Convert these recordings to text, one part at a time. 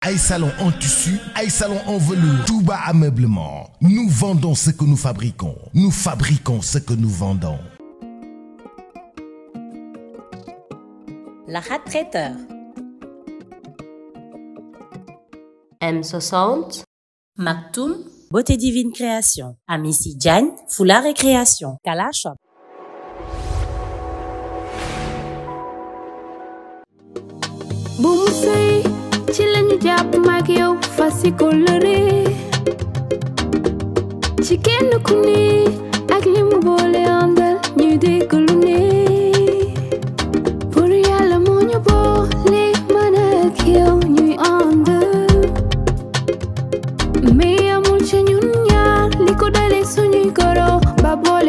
Aïsalon en tissu, Aïsalon en velours, tout bas ameublement. Nous vendons ce que nous fabriquons. Nous fabriquons ce que nous vendons. La rat traiteur. M60, Maktoum, Beauté Divine Création, Amici Djan, Foulard et Création, Kala Shop. bu mu ci lañu japp mak yow fasi ci kenn ku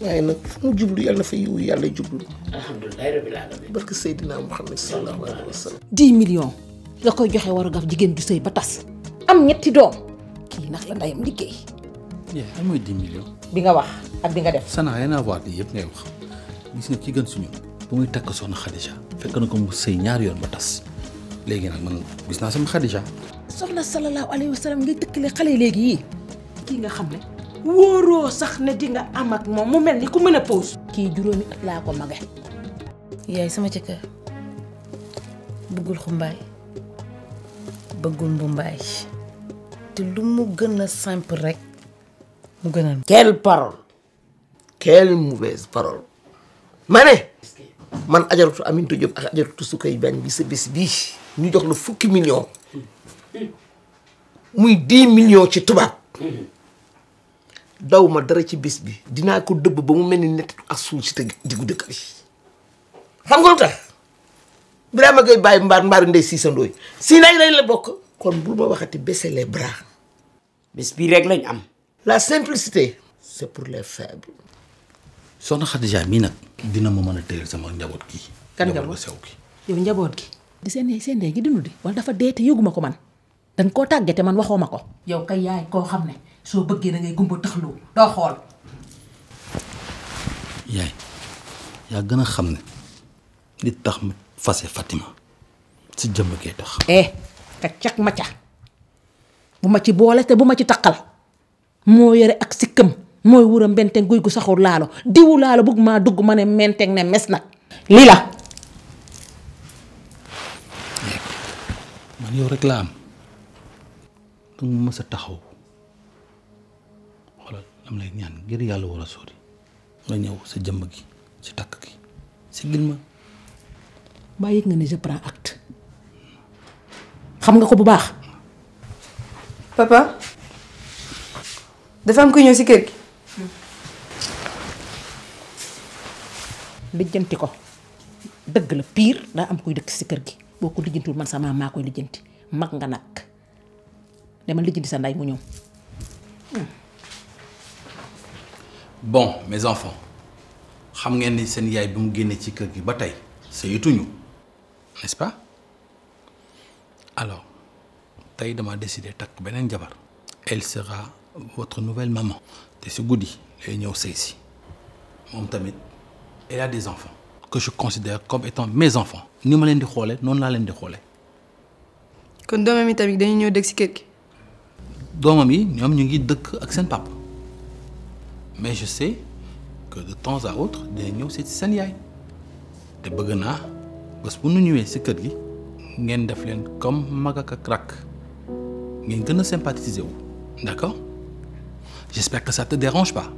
waaye nag mu jublu yàlla fa yiwu yàlla jublu. alhamdulilah rabbil alamin. barke Seydina Muhammad sallallahu alayhi wa nga koy joxe war a gaf jigéen ju sëy ba tas. am ñetti doom kii nag la ndeyam liggéey. yaa ngi mooy bi nga wax ak bi nga def. ça naa rien à voir lii yëpp ngay wax gis nga ci gën suñu. ba muy takk soxna Khadija. fekk na ko mu sëy ñaari yoon ba tas léegi nag man gis naa sama Khadija. soxna sallallahu alayhi wa ngay tëkkale xale léegi yii kii nga xam ne. wóoroo sax ne di nga am ak moom mu mel ni ku mën a pause. kii juróomi at laa ko maga yaay sama jëkkër bëggul xumbaay bëggul mbumbaay te lu mu gën a simple rek mu gën a. quelle parole quelle mauvaise parole ma ne. man ajaratu Aminata Diop ak su Sukay Bañ bi sa bés bii ñu jox la fukki million muy dix millions ci tubaab. daw ma dara ci bis bi dinaa ko dëbb ba mu mel ni nettitu ak suul ci tëgg diggu dëkk bi xam nga lu tax Birama bàyyi mbaar mbaaru ndey siisandooy si nay lay la bokk kon bul ma waxati baisser les bis bii rek lañ am la simplicité c'est pour les faibles soxna Khadija mii nag dina ma mën a téyel sama njaboot gi kan nga ma sew gi yow njaboot gi di seen ndey seen ndey gi dund di wala dafa dee te yëguma ko man dañ koo tàggee te man waxoo ma ko yow kay koo xam ne soo bëggee da ngay gumba taxloo doo xool. yaay yaa gën a xam ne li tax ma fase Fatima si jëmm gee tax. eh ka caq ma ca bu ma ci boole te bu ma ci taqal moo yore ak sikkam mooy wuram mbenteng guy gu saxul laalo diwu laalo bëgg maa dugg ma ne menteng ne mes nag lii la. man yow rek laa am danga mës a taxaw. lam lay ñaan ngir yalla wala a sori nga ñëw sa jëm gi ci tak gi ci gil ma bàyyi nga ne je prends acte xam nga ko bu baax papa dafa am ko ñew ci kër gi lijjanti ko deug la pire da am koy dëkk ci kër gi boko ko man sama ma koy lijjanti mag nga nak dama lijjanti sa nday mu ñëw bon mes enfants xam ngeen ni seen yaay bi mu génnee ci kër gi ba tey sëyatuñu n'est-ce pas alors tey dama décidé takk beneen jabar elle sera votre nouvelle maman te si guddi lay ñëw sëy si moom tamit elle a des enfants que je considère comme étant mes enfants ni ma leen di xoole noonu laa leen di xoole kon doomam yi tamit dañu ñëw dëkk si kër gi doomam yi ñoom ñu ngi dëkk ak seen pap mais je sais que de temps à autre des gens seet si seen Et te parce que pour nous nu que si kër vous ngeen comme Magaka Crack. Vous rakk ngeen gën d'accord j'espère que ça ne te dérange pas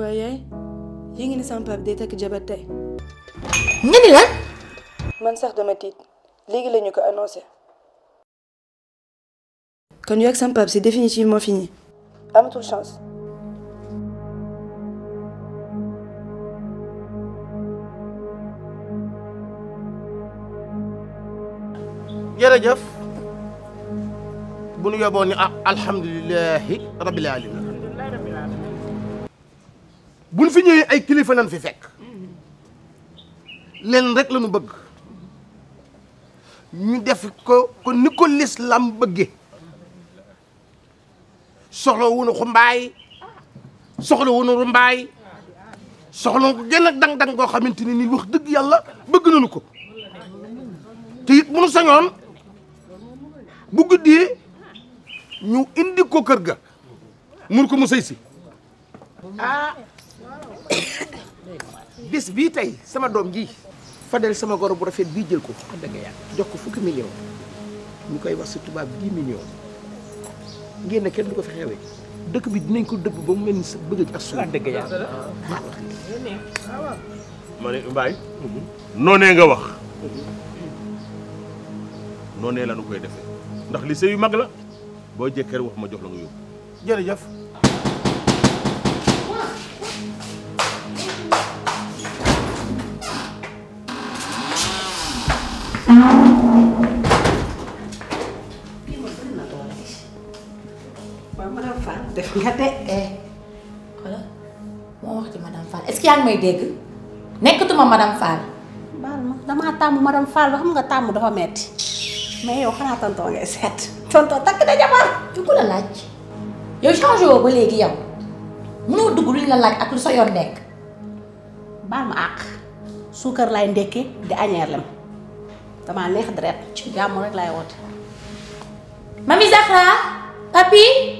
waaye yi nga ni sama pap dee takk jabar tey nga c'est définitivement fini amatul chance jërëjëf bu nu yóbboo ni rabbil alamin buñ fi ñëwé ay kilifa nan fi fekk leen rek lañu bëgg ñu def ko ko ni ko lislaam bëgge soxla xumbay soxlo soxla wunu rumbaay ko gën ak dang-dang go xamanteni ni wax dëgg yalla bëgg nañu ko té it mënu sañoon bu guddé ñu indi ko kër ga mun ko mu ah bis bii tey sama doom ji Fadel sama goro bu rafet bii jël ko da nga jox ko fukki million ñu koy wax si tubaab 10 millions ngeen kenn du ko fi xewee dëkk bi dinañ ko dëbb ba mu mel ni sa bëgg ak suuf dëgg yàlla ma ne noonee nga wax noonee la nu koy defee ndax li sëy yu mag la boo jëkkër wax ma jox la nga yóbbu jërëjëf madame Fall def nga de. Eh. xoolal moo wax ci madame Fall est-ce que yaa ngi may dégg nekkatuma madame Fall. baal ma damaa tàmm madame Fall ba xam nga tàmm dafa metti mais yow xanaa tonton ngay seet. tonton takk na jabar. du ko la laaj yow changé ba léegi yow mënoo dugg luñ la laaj ak lu sa yoon nekk. baal ma àq suukar lay ndekke di añeer lem damaa neex deret ci jàmm rek laay woote. mami Zahra papi.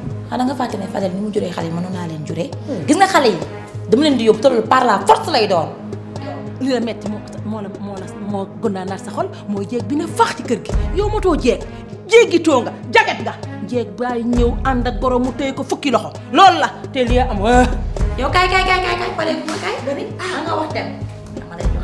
xanaa nga fàtte ne Fadel ni mu juree xale yi mënoon naa leen juree. Hmm. gis nga xale yi dama leen di yóbbu tollu par la force lay doon. li la metti moo moo la moo la moo gën naa naat sa xol mooy jéeg bi na faax ci kër gi yow matoo jéeg jéegitoo nga jaget nga jéeg bàyyi ñëw ànd ak borom mu téy ko fukki loxo lool la te li am yow kay kay kay kay kay pare bu ma kay ah, nga wax dem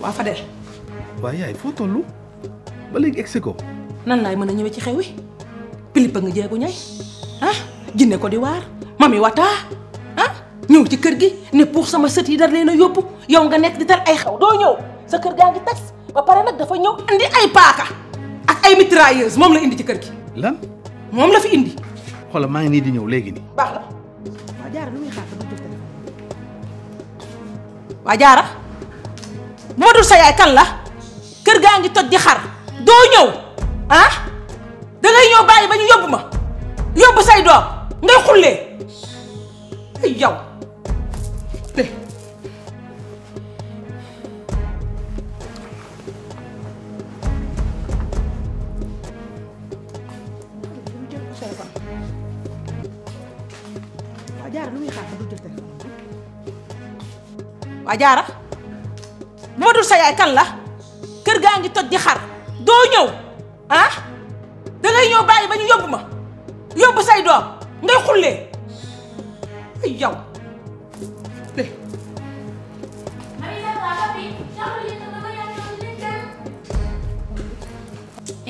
waa fa de waa yaay fo tolu ba leg egsi ko nan lay meuna a ci xew wi pilipa nga jeegu ñay ah jinné ko di war mami wata ah ñëw ci kër gi ne pour sama sët yi dar leen a yow nga kan nekk di tar eh, ay xew do ñëw sa kër ga nga tax ba paré nak dafa ñëw andi ay paaka ak ay mitrailleuse mom la indi ci kër gi lan mom la fi indi xoola ma ngi ni di ñëw légui ni bax la wa jaara lu muy xaar ba jaara bu ma dul sa yaay kan la kër gaa ngi toj di xar doo ñëw ah dangay ñëw bàyyi ba ñu yóbbu ma yóbbu say doom ngay xullee waa jaara lu muy xaar ba du jël téléphone waa jaara bu ma dul sa yaay kan la kër gaa ngi toj di xar doo ñëw ah dangay ñëw bàyyi ba yóbbu ma yóbbu say doom ngay xullee ay yow mais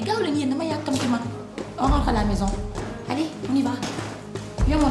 gaaw leen yéen dama yàkkamti man on rentre à la maison allez on y va viens mon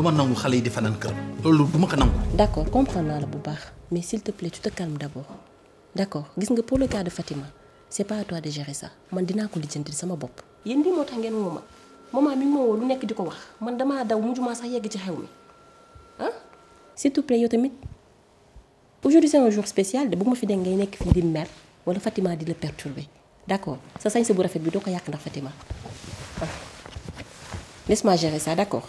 man du ma yi di fanaan kër loolu du ko nangu. d' accord comprendre la bu baax mais s'il te plaît tu te calmes d'abord. D'accord. d' accord gis nga pour le cas de Fatima C'est pas à toi de gérer ça man dinaa ko lijjanti sama bopp. yéen lii moo tax ngeen maman mi ngi ma woo lu nekk di ko wax man damaa daw mujjuma sax yegg ci xew mi ah. s' te plaît yow tamit aujourd'hui c'est un jour spécial de bu ma fi dégg nek nekk fii di mer wala Fatima di la perturber d' accord sa sañse bu rafet bi doo ko yàq ndax Fatima ah laisse-moi gérer ça D'accord.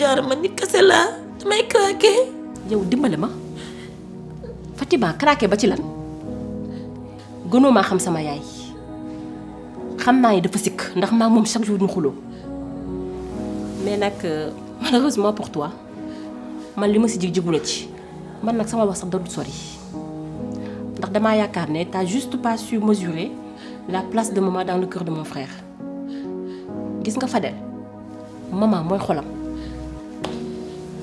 Je suis là. yow Fatima craqué ba ci lan ma xam sama yaay dafa sik ndax ma mom chaque jour mais euh, malheureusement pour toi man li ma ci man nak sama wax sax da sori ndax juste pas su mesurer la place de maman dans le cœur de mon frère gis nga Fadel maman là.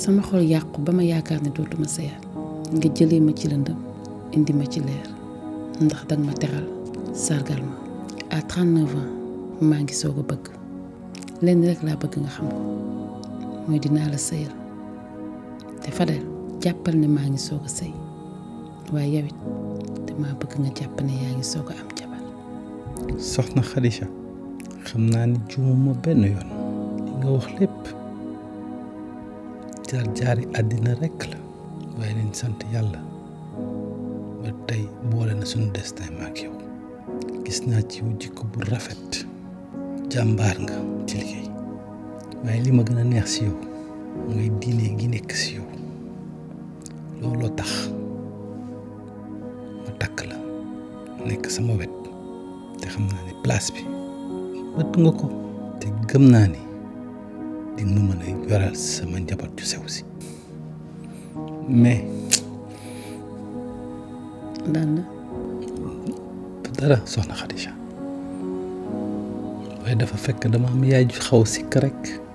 sama xol yàqu ba ma yaakaar ne dootuma sëyaat nga jëlee ma ci lëndëm indi ma ci leer ndax danga ma teral sargal ma maa ngi soog a bëgg lenn rek laa bëgg nga xam ko mooy dinaa la sëyal te Fadel jàppal ne maa ngi soog a sëy waaye yow it damaa bëgg nga jàpp ne yaa ngi soog a am jabar soxna Khadija xam naa ni juumuma benn yoon li nga wax lépp jaar jaari àddina rekk la waaye nañ sant yàlla ba tey boole na sunu destin maak yow gis naa ci yow jikko bu rafet jàmbaar nga ci liggéey waaye li ma gën a neex si yow mooy diine gi nekk si yow looloo tax ma takk la nekk sama wet te xam naa ne place bi bëtt nga ko te gëm naa ni di ma mën a yoral sama njaboot ju sew si mais. lan la. dara soxna Khadija waaye dafa fekk dama am yaay ju xaw si rek.